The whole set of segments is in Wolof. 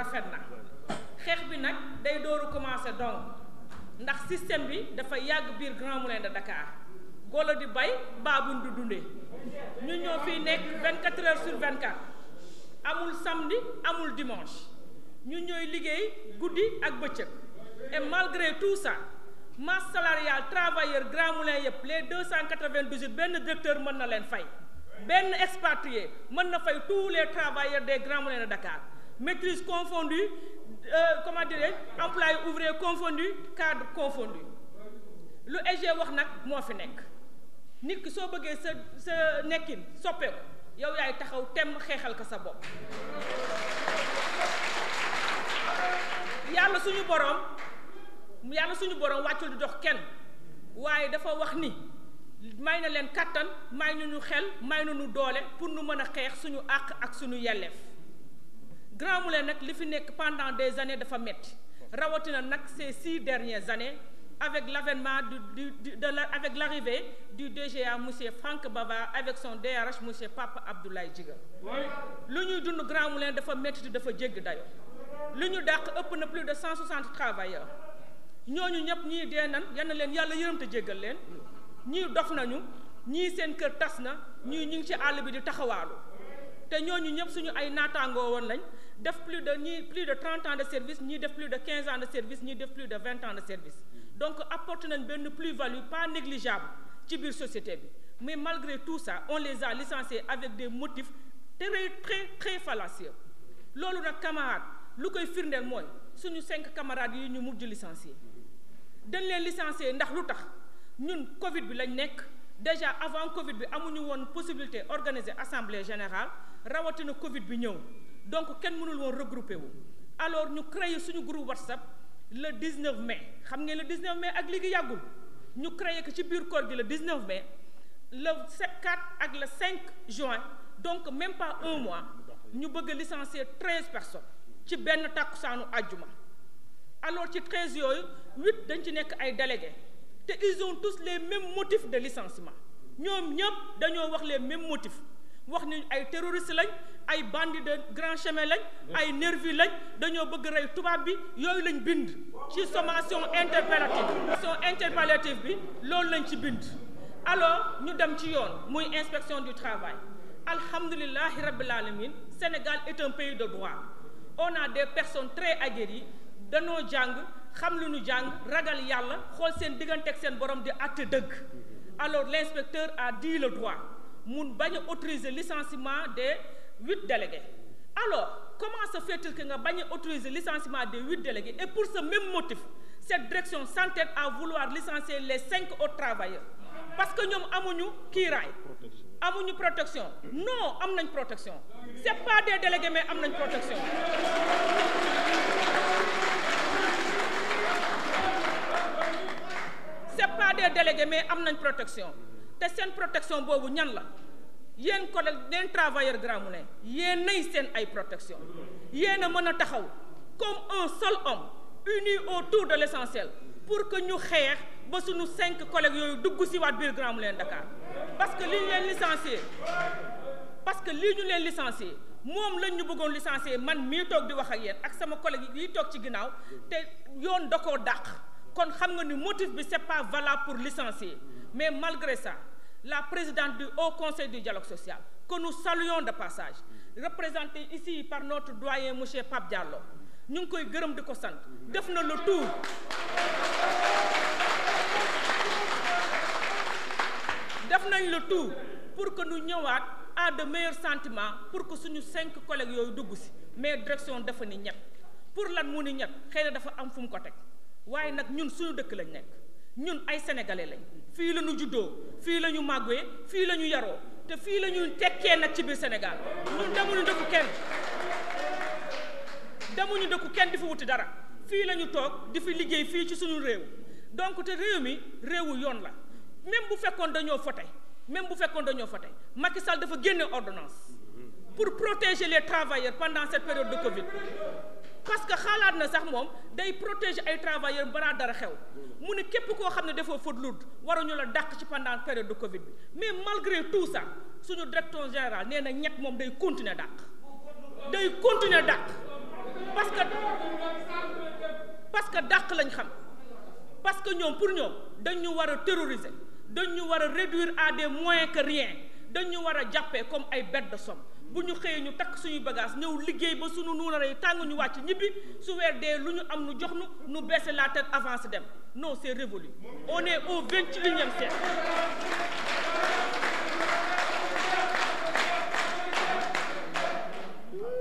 rafet na xeex bi nag day dooru commencé donc ndax système bi dafa yàgg biir Grand Moulin de Dakar golo di bay baabun di dundee ñu ñoo fiy nekk 24 heures sur 24 amul samedi amul dimanche ñu ñooy liggéey guddi ak bëccëg et malgré tout ça masse salariale travailleur Grand Moulin yëpp les 298 benn directeur mën na leen fay benn expatrié mën na fay tous les travailleurs des Grands Moulins de maîtrise confondue euh, comment dirais-je employé ouvrier confondu cadre confondu lu EG wax nag moo fi nekk nit ki soo bëggee sa sa nekkin soppeeku yow yaay taxaw temm xeexal ko sa bopp yàlla suñu borom yàlla suñu borom wàccul di dox kenn waaye dafa wax ni may na leen kàttan may na ñu xel may na ñu doole pour nu mën a xeex suñu àq ak suñu yelleef Grand Moulin nag li fi nekk pendant des années dafa metti rawatina nag ces six dernières années avec l'avènement du du de avec l'arrivée du DGA monsieur Franck Baba avec son DRH monsieur Papa Abdoulaye Djiga lu ñuy dund Grand leen dafa metti dafa jégg dayo lu ñu dàq ëpp na plus de cent soixante travailleurs ñooñu ñëpp ñii dee nan yal na leen yàlla yërëm te jéggal leen ñii dof nañu ñii seen kër tas na ñii ñu ngi ci àll bi di taxawaalu te ñooñu ñëpp suñu ay naataangoo woon lañ def plus de ñii plus de trente ans de service ñii def plus de quinze ans de service ñii def plus de vingt ans de service donc apporte nañ benn plus-value pas négligeable ci biir société bi mais malgré tout ça on les a licenciés avec des motifs très très très fallacieux loolu nag camarade lu koy firndeel mooy suñu cinq camarades yi ñu mujj licencié dañ leen licencié ndax lu tax ñun Covid bi lañ nekk déjà avant Covid bi amuñu woon possibilité organiser assemblée générale rawatina Covid bi ñëw donc kenn mënul woon regroupé wu alors ñu créé suñu groupe whatsapp le 19 mai xam ngeen le 19 mai ak léegi yàggul ñu créé ko ci biir koor gi le 19 mai le 4 ak le cinq juin donc même pas un mois ñu bëgg a licencier 13 personnes ci benn tàkkusaanu àjjuma alors ci 13 yooyu 8 dañ ci nekk ay délégués te ils ont tous les mêmes motifs de licenciement ñoom ñëpp dañoo wax les mêmes motifs wax ni ay terroriste lañ ay bandits de grand chemin lañ ay nervi lañ dañoo bëgg rey tubaab bi yooyu lañ bind ci sommation interpellative sommation interpellative bi loolu lañ ci bind alors ñu dem ci yoon muy inspection du travail alhamdulilahi rabbil alamin Sénégal est un pays de droit on a des personnes très aguerries danoo jàng xam lu ñu jàng ragal yàlla xool seen diggante ak seen borom di àtte dëgg alors l'inspecteur a dit le droit mun bañ a autoriser licenciement des huit délégués alors commence se fait-il nga bañ autoriser licenciement de huit délégués et pour ce même motif cette direction s'entête à vouloir licencier les cinq autres travailleurs parce que ñoom amuñu kiiraay amuñu protection non am nañ protection c'est pas des délégués mais am nañ protection c'est pas des mais am nañ protection te seen protection boobu ñan la yéen collègue neen travailleur Grands Moulins yéen nay seen ay protection yéen a mën a taxaw comme un seul homme uni autour de l' essentiel pour que ñu xeex ba suñu cinq collègues yooyu dugg si waat biir Grands Moulins parce que li ñu leen licencié parce que lii ñu leen licencié moom lañ ñu bëggoon licencié man mii toog di wax a yéen ak sama collègue yi toog ci ginnaaw te yoon da koo dàq kon xam nga ni motif bi c' est pas valable pour licencier mais malgré ça la présidente du Haut Conseil du dialogue social, que nous saluons de passage, représentée ici par notre doyen monsieur Pape Diallo ñu ngi koy gërëm di ko sant def na le tour def nañ le tour pour que nu ñëwaat à de meilleurs sentiments pour que suñu cinq collègues yooyu dugg si mais direction dafa ni ñett pour lan mu ni ñett xëy dafa am fu mu ko teg waaye nag ñun suñu dëkk lañ nekk. ñun ay sénégalais lañ fii la ñu juddoo fii la ñu màggee fii la ñu yaroo te fii la ñu tekkee nag ci biir Sénégal ñun demuñu dëkku kenn demuñu dëkku kenn di fi wuti dara fii la ñu toog di fi liggéey fii ci suñu réew donc te réew mi réewu yoon la même bu fekkoon dañoo fote même bu fekkoon dañoo fote Macky Sall dafa génne ordonnance pour protéger les travailleurs pendant cette période de Covid parce que xalaat na sax moom day protéger ay travailleurs balaa dara xew mu ne képp koo xam ne dafa faute lourde waruñu la dàq ci pendant période du Covid bi mais malgré tout ça suñu directeur général nee na ñett moom day continuer dàq day continuer dàq parce que parce que dàq lañ xam parce que ñoom pour ñoom dañu war a terroriser dañu war a réduire à des moyens que rien dañu war a jàppee comme ay bête de somme bu ñu xëyee ñu takk suñuy bagage ñëw liggéey ba suñu nuunara yi tàng ñu wàcc ñibbi su weer dee lu ñu am nu jox nu nu baisser la tête avance dem non c'est révolu on est au vingt et unième siècle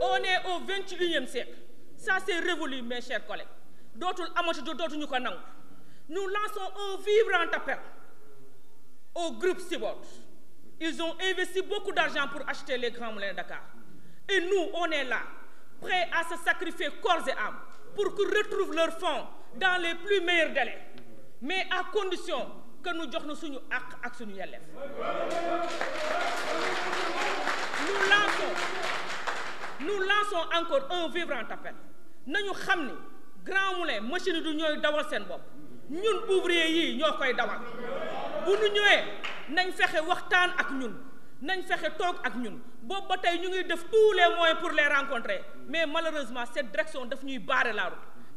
on est au vingt et unième siècle ça c'est révolu mes dootul amati dootuñu ko nangu nous lançons un vibrant appel au groupe Cibor Ils ont investi beaucoup d'argent pour acheter les grands moulins de Et nous, on est là, à se sacrifier corps et âme pour qu'ils retrouvent leurs fonds dans les plus meilleurs délais. Mais à condition que nous jox na suñu àq ak suñu yelleef nous lançons nous lançons encore un vibrant appel nañu xam ni grand moulin machine du ñooy dawal seen bopp ñun ouvrier yii ñoo koy dawal bu ñu ñëwee nañ fexe waxtaan ak ñun nañ fexe toog ak ñun boobu ba tey ñu ngi def tous les pour les rencontrer mais malheureusement cette direction daf ñuy barrer la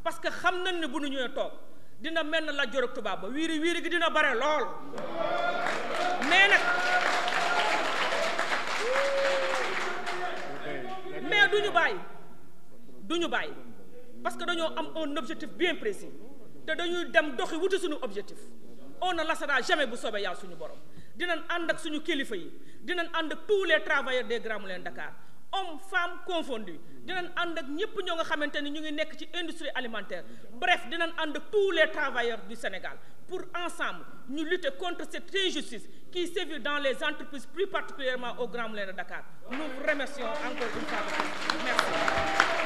parce que xam nañ ne bu ñu ñëwee toog dina mel na la Joor tubaab ba wiiri wiiri gi dina bare lool mais nag mais du ñu bàyyi du ñu bàyyi parce que dañoo am un objectif bien précis te dañuy dem doxi wuti suñu objectif on ne lâchera jamais bu soobee yàlla suñu borom dinañ ànd ak suñu kilifa yi dinañ ànd ak tous les travailleurs des Grands Moulins Dakar hommes femmes confondus dinañ ànd ak ñëpp ñoo nga xamante ni ñu ngi nekk ci industrie alimentaire bref dinañ ànd ak tous les travailleurs du Sénégal pour ensemble ñu lutter contre cette injustice qui sévit dans les entreprises plus particulièrement aux Grands Moulins de Dakar nous vous remercions encore une fois merci